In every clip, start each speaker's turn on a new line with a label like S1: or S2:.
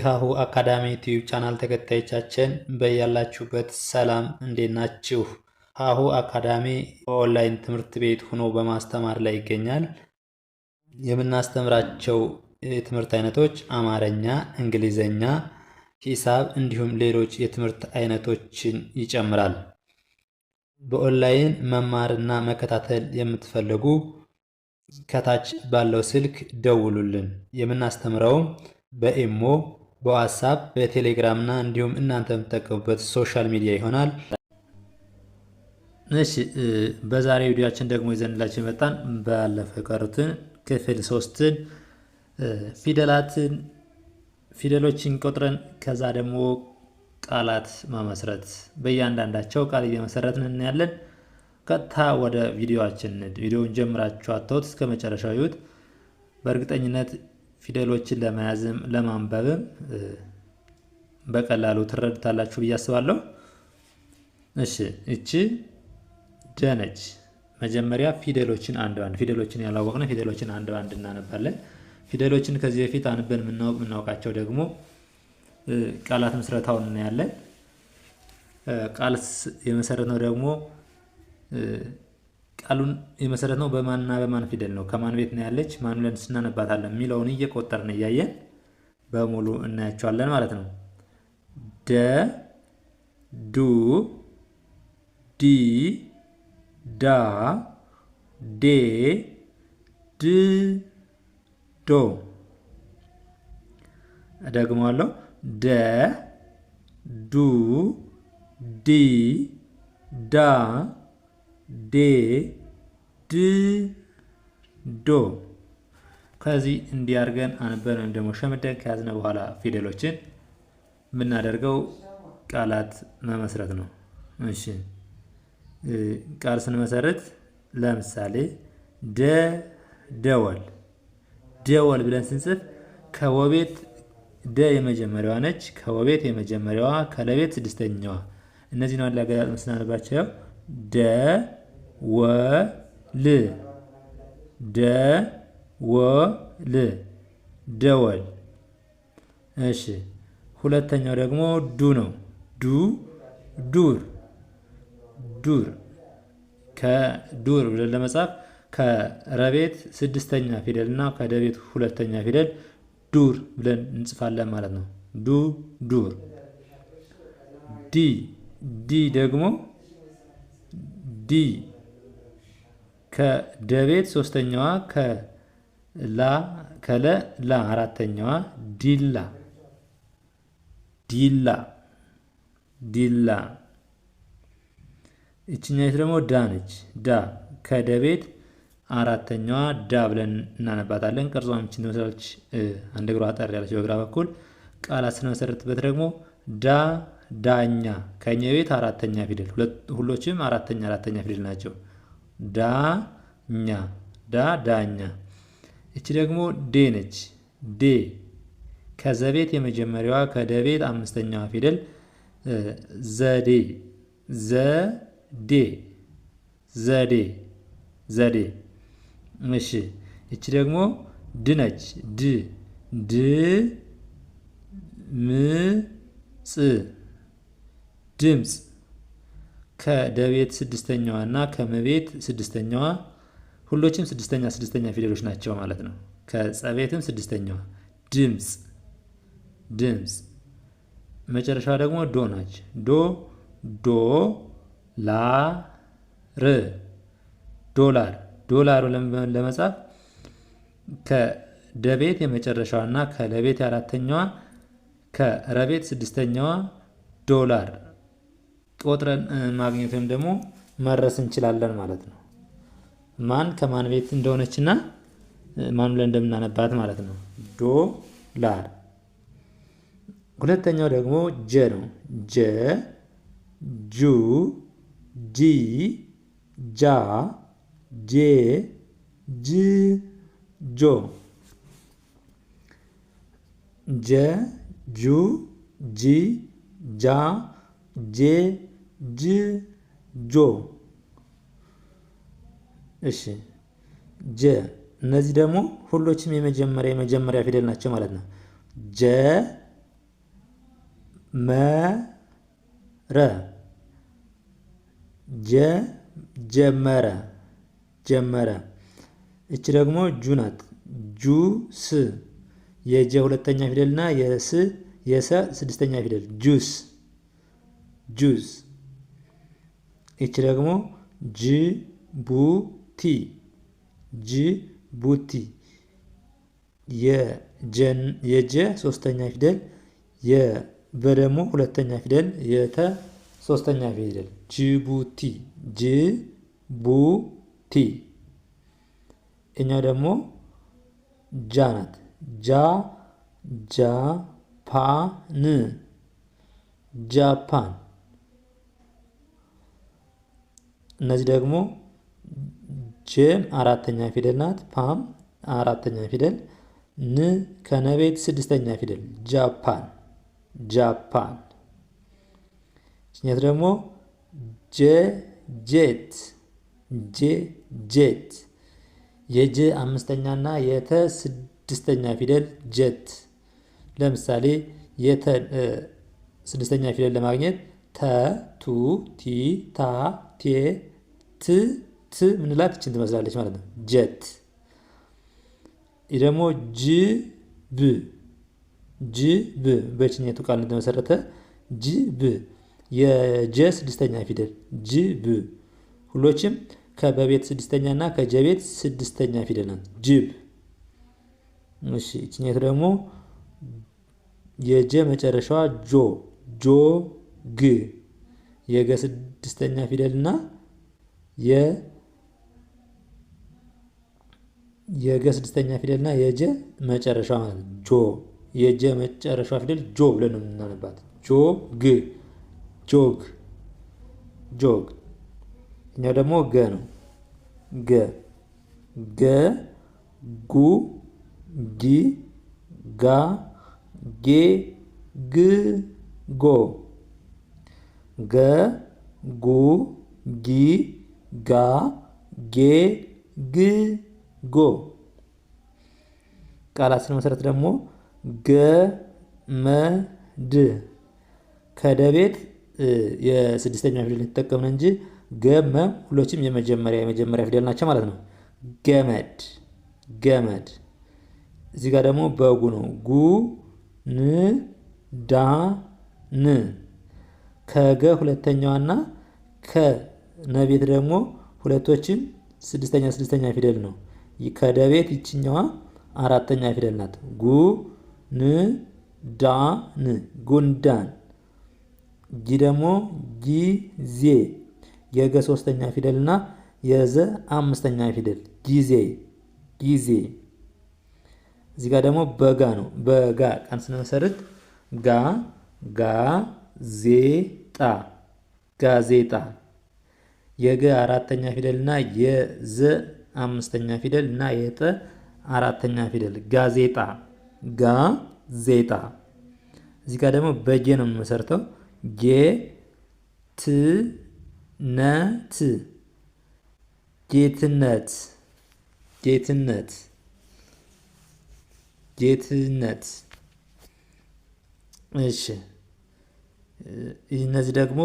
S1: ካሁ አካዳሚ ዩቲዩብ ቻናል ተከታዮቻችን በያላችሁበት ሰላም፣ እንዴት ናችሁ? ካሁ አካዳሚ ኦንላይን ትምህርት ቤት ሆኖ በማስተማር ላይ ይገኛል። የምናስተምራቸው የትምህርት አይነቶች አማርኛ፣ እንግሊዘኛ፣ ሂሳብ እንዲሁም ሌሎች የትምህርት አይነቶችን ይጨምራል። በኦንላይን መማርና መከታተል የምትፈልጉ ከታች ባለው ስልክ ደውሉልን። የምናስተምረውም በኢሞ በዋትሳፕ በቴሌግራም እንዲሁም እናንተ የምትጠቀሙበት ሶሻል ሚዲያ ይሆናል። እሺ በዛሬ ቪዲዮችን ደግሞ ይዘንላችሁ መጣን። ባለፈ ቀሩትን ክፍል ሶስትን ፊደላትን ፊደሎችን ቆጥረን ከዛ ደግሞ ቃላት መመስረት በእያንዳንዳቸው ቃል እየመሰረትን እናያለን። ቀጥታ ወደ ቪዲዮችን ቪዲዮውን ጀምራችሁ አተውት እስከ መጨረሻው ይዩት። በእርግጠኝነት ፊደሎችን ለመያዝም ለማንበብም በቀላሉ ትረዱታላችሁ ብዬ አስባለሁ። እሺ እቺ ደነች። መጀመሪያ ፊደሎችን አንድ አንድ ፊደሎችን ያላወቅነ ፊደሎችን አንድ አንድ እናነባለን። ፊደሎችን ከዚህ በፊት አንበን የምናውቅ የምናውቃቸው ደግሞ ቃላት ምስረታውን እናያለን። ቃል የመሰረት ነው ደግሞ ቃሉን የመሰረት ነው በማንና በማን ፊደል ነው ከማን ቤት ነው ያለች ማን ብለን ስናነባታለን የሚለውን እየቆጠርን እያየን በሙሉ እናያቸዋለን ማለት ነው። ደ ዱ ዲ ዳ ዴ ድ ዶ እደግመዋለሁ። ደ ዱ ዲ ዳ ዴ ድ ዶ ከዚህ እንዲያርገን አንበን ወይም ደግሞ ሸምደን ከያዝነ በኋላ ፊደሎችን የምናደርገው ቃላት መመስረት ነው። እሺ ቃል ስንመሰርት ለምሳሌ ደ ደወል ደወል ብለን ስንጽፍ ከወቤት ደ የመጀመሪያዋ ነች። ከወቤት የመጀመሪያዋ፣ ከለቤት ስድስተኛዋ። እነዚህ ነው ያለ አገላለጽ ስናነባቸው ደ ወል ደወል ደወል። እሺ ሁለተኛው ደግሞ ዱ ነው። ዱ ዱር ዱር ከዱር ብለን ለመጻፍ ከረቤት ስድስተኛ ፊደል እና ከደቤት ሁለተኛ ፊደል ዱር ብለን እንጽፋለን ማለት ነው። ዱ ዱር። ዲ ዲ ደግሞ ዲ ከደቤት ሶስተኛዋ ከላ ከለ ላ አራተኛዋ ዲላ ዲላ ዲላ። ይችኛይቱ ደግሞ ዳ ነች። ዳ ከደቤት አራተኛዋ ዳ ብለን እናነባታለን። ቅርጿም ይችን ትመስላለች። አንድ እግሯ አጠር ያለች በግራ በኩል ቃላት ስንመሰርትበት ደግሞ ዳ ዳኛ ከእኛ ቤት አራተኛ ፊደል ሁሎችም አራተኛ አራተኛ ፊደል ናቸው። ዳኛ ዳ ዳኛ። እቺ ደግሞ ዴ ነች። ዴ ከዘቤት የመጀመሪያዋ ከደቤት አምስተኛዋ ፊደል ዘዴ ዘዴ ዘዴ ዘዴ። እሺ እቺ ደግሞ ድ ነች። ድ ድ ጽ ድምፅ ከደቤት ስድስተኛዋ እና ከመቤት ስድስተኛዋ ሁሎችም ስድስተኛ ስድስተኛ ፊደሎች ናቸው ማለት ነው። ከጸቤትም ስድስተኛዋ ድምፅ ድምፅ መጨረሻዋ ደግሞ ዶ ናች። ዶ ዶ ላ ር ዶላር ዶላሩ ለመጻፍ ከደቤት የመጨረሻዋ እና ከለቤት አራተኛዋ ከረቤት ስድስተኛዋ ዶላር ቆጥረን ማግኘት ወይም ደግሞ መድረስ እንችላለን ማለት ነው። ማን ከማን ቤት እንደሆነችና ማን ብለን እንደምናነባት ማለት ነው። ዶላር። ሁለተኛው ደግሞ ጀ ነው። ጀ ጁ ጂ ጃ ጄ ጅ ጆ ጀ ጁ ጂ ጃ ጄ ጅ ጆ እሺ ጀ እነዚህ ደግሞ ሁሎችም የመጀመሪያ የመጀመሪያ ፊደል ናቸው ማለት ነው። ጀ መረ ጀ ጀመረ ጀመረ። እቺ ደግሞ ጁ ናት። ጁ ስ የጀ ሁለተኛ ፊደል እና የስ የሰ ስድስተኛ ፊደል ጁስ ጁስ ይቺ ደግሞ ጅቡቲ ጅቡቲ የጀ ሶስተኛ ፊደል የበ ደግሞ ሁለተኛ ፊደል የተ ሶስተኛ ፊደል ጅቡቲ ጅቡቲ። እኛ ደግሞ ጃ ናት። ጃ ጃፓን ጃፓን እነዚህ ደግሞ ጀም አራተኛ ፊደል ናት። ፓም አራተኛ ፊደል ን ከነቤት ስድስተኛ ፊደል ጃፓን ጃፓን። ችኛት ደግሞ ጄ ጄት ጄ ጄት የጀ አምስተኛና የተ ስድስተኛ ፊደል ጀት። ለምሳሌ የተ ስድስተኛ ፊደል ለማግኘት ተ ቱ ቲ ታ ቴ ት ት ምንላት እችን ትመስላለች ማለት ነው። ጀት ይህ ደግሞ ጅ ብ ጅ ብ በችኛቱ ቃል እንደመሰረተ ጅ ብ የጀ ስድስተኛ ፊደል ጅ ብ ሁሎችም ከበቤት ስድስተኛ እና ከጀቤት ስድስተኛ ፊደል ናት። ጅብ እሺ። ደግሞ የጀ መጨረሻዋ ጆ ጆ ግ የገ ስድስተኛ ፊደል እና የ የገ ስድስተኛ ፊደል እና የጀ መጨረሻ ማለት ነው። ጆ የጀ መጨረሻ ፊደል ጆ ብለን ነው የምናነባት። ጆ ግ ጆግ ጆግ። እኛው ደግሞ ገ ነው። ገ ገ ጉ ጊ ጋ ጌ ግ ጎ ገ ጉ ጊ ጋ ጌ ግ ጎ ቃላት ስንመሰረት ደግሞ ገ መ ድ ከደቤት የስድስተኛ ፊደል የተጠቀምን እንጂ ገመ ሁሎችም የመጀመሪያ የመጀመሪያ ፊደል ናቸው ማለት ነው። ገመድ ገመድ። እዚህ ጋር ደግሞ በጉ ነው። ጉ ን ዳ ን ከገ ሁለተኛዋና ከ ነቤት ደግሞ ሁለቶችም ስድስተኛ ስድስተኛ ፊደል ነው። ከደቤት ይችኛዋ አራተኛ ፊደል ናት። ጉ ን ዳ ን ጉንዳን። ጊ ደግሞ ጊዜ የገ ሶስተኛ ፊደል እና የዘ አምስተኛ ፊደል ጊዜ ጊዜ። እዚህ ጋር ደግሞ በጋ ነው። በጋ ቀን ስንመሰርት ጋ ጋ ጋዜጣ ጋዜጣ የገ አራተኛ ፊደል እና የዘ አምስተኛ ፊደል እና የጠ አራተኛ ፊደል ጋዜጣ ጋዜጣ። እዚህ ጋር ደግሞ በጌ ነው መሰርተው ጌ ት ነ ት ጌትነት ጌትነት ጌትነት። እሺ እነዚህ ደግሞ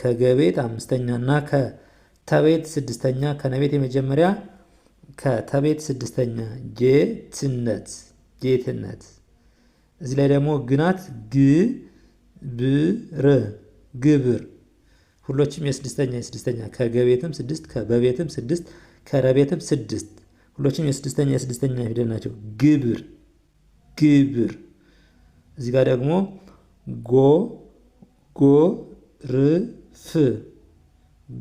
S1: ከገቤት አምስተኛ እና ከተቤት ስድስተኛ ከነቤት የመጀመሪያ ከተቤት ስድስተኛ ጌትነት ጌትነት። እዚህ ላይ ደግሞ ግናት ግብር ግብር ሁሎችም የስድስተኛ የስድስተኛ ከገቤትም ስድስት ከበቤትም ስድስት ከረቤትም ስድስት ሁሎችም የስድስተኛ የስድስተኛ ፊደል ናቸው። ግብር ግብር። እዚህ ጋር ደግሞ ጎ ጎ ርፍ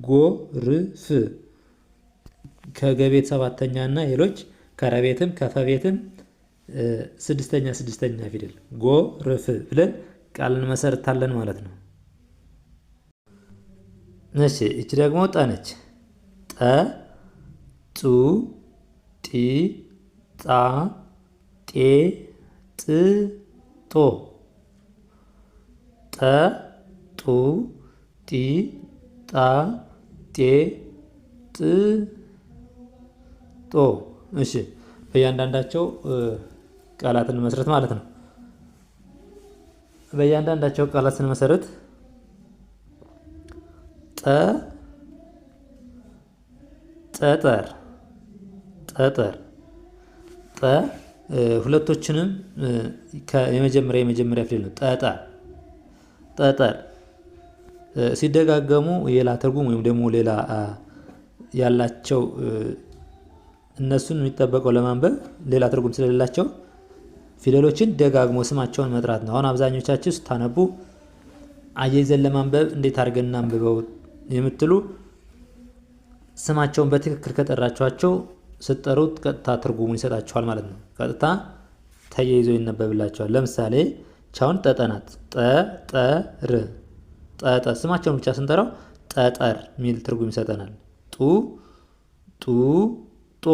S1: ጎርፍ ከገቤት ሰባተኛ እና ሌሎች ከረቤትም ከፈቤትም ስድስተኛ ስድስተኛ ፊደል ጎርፍ ብለን ቃል እንመሰርታለን ማለት ነው። እሺ እቺ ደግሞ ጠ ነች። ጠ ጡ ጢ ጣ ጤ ጥ ጦ ጠ ጡ ጢ ጣ ጤ ጥ ጦ። እሺ በእያንዳንዳቸው ቃላትን መሰረት ማለት ነው። በእያንዳንዳቸው ቃላት ስንመሰረት ጠ ጠጠር ጠጠር ጠ ሁለቶችንም የመጀመሪያ የመጀመሪያ ፊደል ነው። ጠጠር ጠጠር ሲደጋገሙ ሌላ ትርጉም ወይም ደግሞ ሌላ ያላቸው እነሱን የሚጠበቀው ለማንበብ ሌላ ትርጉም ስለሌላቸው ፊደሎችን ደጋግሞ ስማቸውን መጥራት ነው። አሁን አብዛኞቻችን ስታነቡ አያይዘን ለማንበብ እንዴት አድርገን እናንብበው የምትሉ ስማቸውን በትክክል ከጠራችኋቸው ስጠሩት ቀጥታ ትርጉሙን ይሰጣቸዋል ማለት ነው። ቀጥታ ተያይዞ ይነበብላቸዋል። ለምሳሌ ቻውን ጠጠናት ጠጠር ጠጠ ስማቸውን ብቻ ስንጠራው ጠጠር የሚል ትርጉም ይሰጠናል። ጡ ጡ ጦ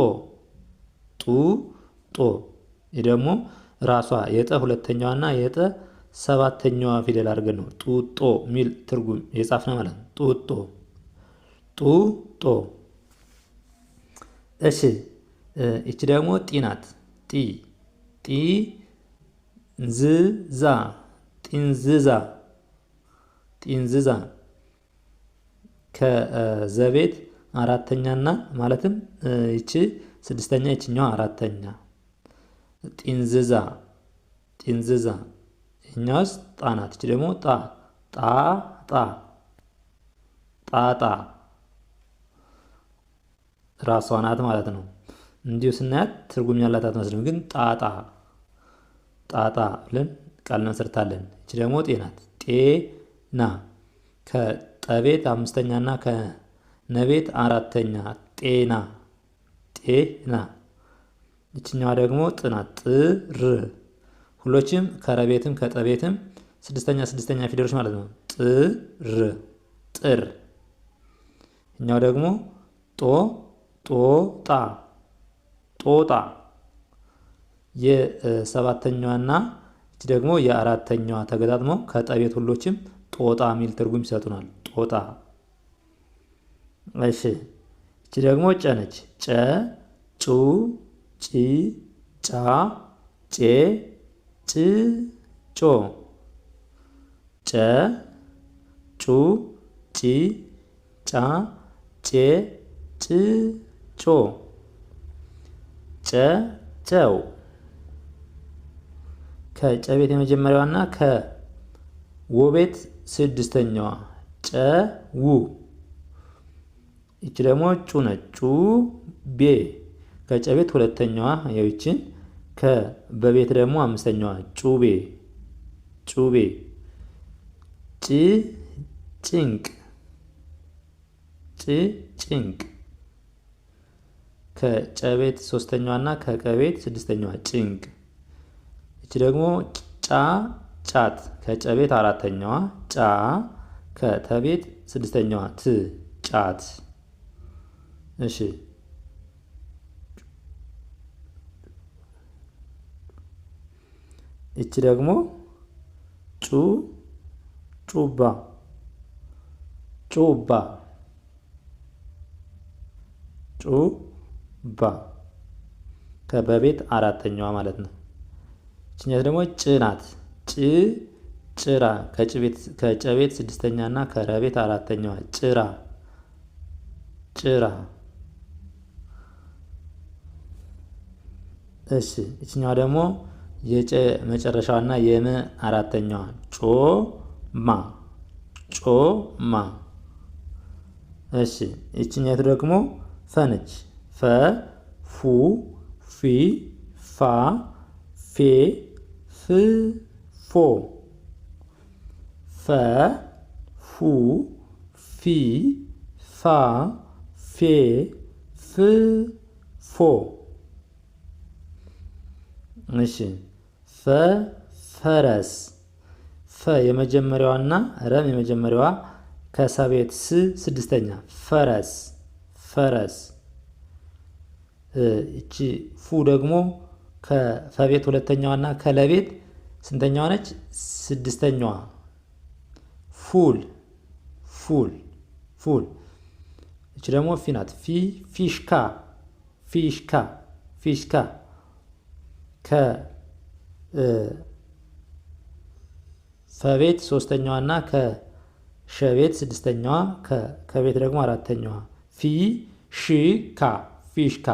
S1: ጡ ጦ። ይህ ደግሞ ራሷ የጠ ሁለተኛዋና የጠ ሰባተኛዋ ፊደል አድርገን ነው ጡጦ የሚል ትርጉም የጻፍነ ማለት ነው። ጡጦ ጡጦ። እሺ ይቺ ደግሞ ጢናት ጢ ጢ ንዝዛ ጢንዝዛ ጢንዝዛ ከዘቤት አራተኛና ማለትም ይቺ ስድስተኛ ይችኛዋ አራተኛ ጢንዝዛ ጢንዝዛ ይኛውስ ጣ ናት። ይቺ ደግሞ ጣ ጣ ጣ ጣጣ ራሷ ናት ማለት ነው። እንዲሁ ስናያት ትርጉም ያላት አትመስልም፣ ግን ጣጣ ጣጣ ብለን ቃል እንመሰርታለን። ይቺ ደግሞ ጤ ናት። ጤ ና ከጠቤት አምስተኛና ከነቤት አራተኛ ጤና ጤና። ይችኛዋ ደግሞ ጥናት ጥር። ሁሎችም ከረቤትም ከጠቤትም ስድስተኛ ስድስተኛ ፊደሎች ማለት ነው። ጥር ጥር። እኛው ደግሞ ጦ ጦጣ ጦጣ የሰባተኛዋና ይች ደግሞ የአራተኛዋ ተገጣጥመው ከጠቤት ሁሎችም ጦጣ የሚል ትርጉም ይሰጡናል። ጦጣ። እሺ እቺ ደግሞ ጨ ነች። ጨ ጩ ጪ ጫ ጬ ጭ ጮ ጨ ጩ ጪ ጫ ጬ ጭ ጮ ጨ ጨው ከጨቤት የመጀመሪያዋና ከወቤት ስድስተኛዋ ው ይቺ ደግሞ ጩ ነች። ጩ ቤ ከጨ ቤት ሁለተኛዋ የውችን ከበቤት ደግሞ አምስተኛዋ ጩቤ ጩቤ ጭ ጭንቅ ጭ ጭንቅ ከጨ ቤት ሶስተኛዋ እና ከቀቤት ስድስተኛዋ ጭንቅ ይቺ ደግሞ ጫ ጫት ከጨቤት አራተኛዋ ጫ ከተቤት ስድስተኛዋ ት ጫት። እሺ ይቺ ደግሞ ጩ ጩባ ጩባ ጩባ ከበቤት አራተኛዋ ማለት ነው። ይችኛት ደግሞ ጭ ናት። ጭ ጭራ ከጨቤት ስድስተኛ እና ከረቤት አራተኛዋ ጭራ ጭራ። እሺ እችኛዋ ደግሞ የጨ መጨረሻዋ እና የመ አራተኛዋ ጮ ጮማ። እሺ እችኛቱ ደግሞ ፈነች ፈ ፉ ፊ ፋ ፌ ፍ ፎ ፈ ፉ ፊ ፋ ፌ ፍ ፎ እሺ ፈ ፈረስ ፈ የመጀመሪያዋና ረም የመጀመሪያዋ ከሳቤት ስ ስድስተኛ ፈረስ ፈረስ እቺ ፉ ደግሞ ከፈቤት ሁለተኛዋና ከለቤት ስንተኛዋ ነች? ስድስተኛዋ። ፉል ፉል ፉል። እች ደግሞ ፊ ናት። ፊ ፊሽካ ፊሽካ ፊሽካ ከ ፈቤት ሶስተኛዋ እና ከሸቤት ስድስተኛዋ ከቤት ደግሞ አራተኛዋ። ፊ ፊሽካ።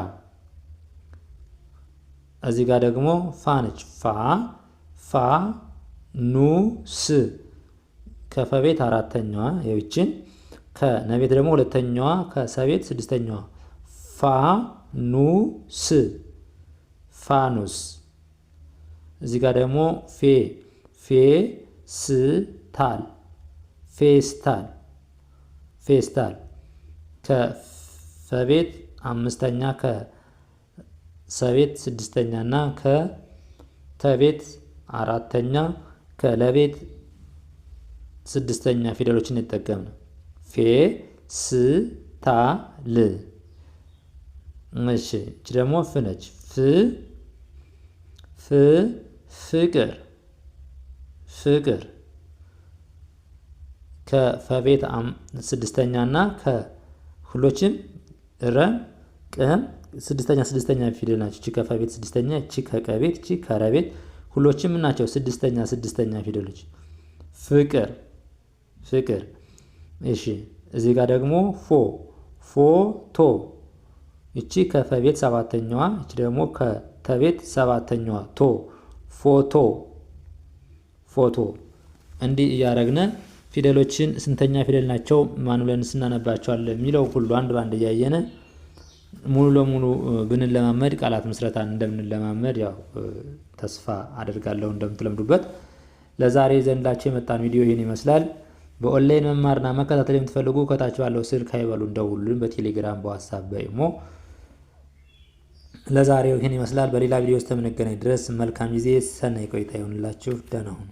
S1: እዚህ ጋር ደግሞ ፋ ነች ፋ ፋ ኑ ስ ከፈቤት አራተኛዋ ይችን ከነቤት ደግሞ ሁለተኛዋ ከሰቤት ስድስተኛዋ ፋ ኑ ስ ፋኑስ። እዚህ ጋር ደግሞ ፌ ፌ ስ ታል ፌስታል ፌስታል ከፈቤት አምስተኛ ከሰቤት ስድስተኛ እና ከተቤት አራተኛ ከለቤት ስድስተኛ ፊደሎችን የተጠቀምን ፌ ስ ታ ል። እሺ እች ደግሞ ፍ ነች። ፍ ፍ ፍቅር ፍቅር ከፈቤት ስድስተኛ እና ከሁሎችም ረ ቅም ስድስተኛ ስድስተኛ ፊደል ናቸው። እቺ ከፈቤት ስድስተኛ፣ እቺ ከቀቤት፣ እቺ ከረቤት ሁሎችም ናቸው ስድስተኛ ስድስተኛ ፊደሎች። ፍቅር ፍቅር። እሺ እዚህ ጋር ደግሞ ፎ ፎቶ። ይቺ ከፈቤት ሰባተኛዋ፣ ይቺ ደግሞ ከተቤት ሰባተኛዋ ቶ ፎቶ ፎቶ። እንዲህ እያደረግነ ፊደሎችን ስንተኛ ፊደል ናቸው ማን ብለን ስናነባቸዋለን የሚለው ሁሉ አንድ ባንድ እያየነ ሙሉ ለሙሉ ብንለማመድ ቃላት ምስረታን እንደምንለማመድ ያው ተስፋ አደርጋለሁ እንደምትለምዱበት። ለዛሬ ዘንዳቸው የመጣን ቪዲዮ ይህን ይመስላል። በኦንላይን መማርና መከታተል የምትፈልጉ ከታች ባለው ስልክ አይበሉ እንደውሉን በቴሌግራም በዋትሳፕ በኢሞ። ለዛሬው ይህን ይመስላል። በሌላ ቪዲዮ እስከምንገናኝ ድረስ መልካም ጊዜ፣ ሰናይ ቆይታ ይሆንላችሁ። ደህና ሁኑ።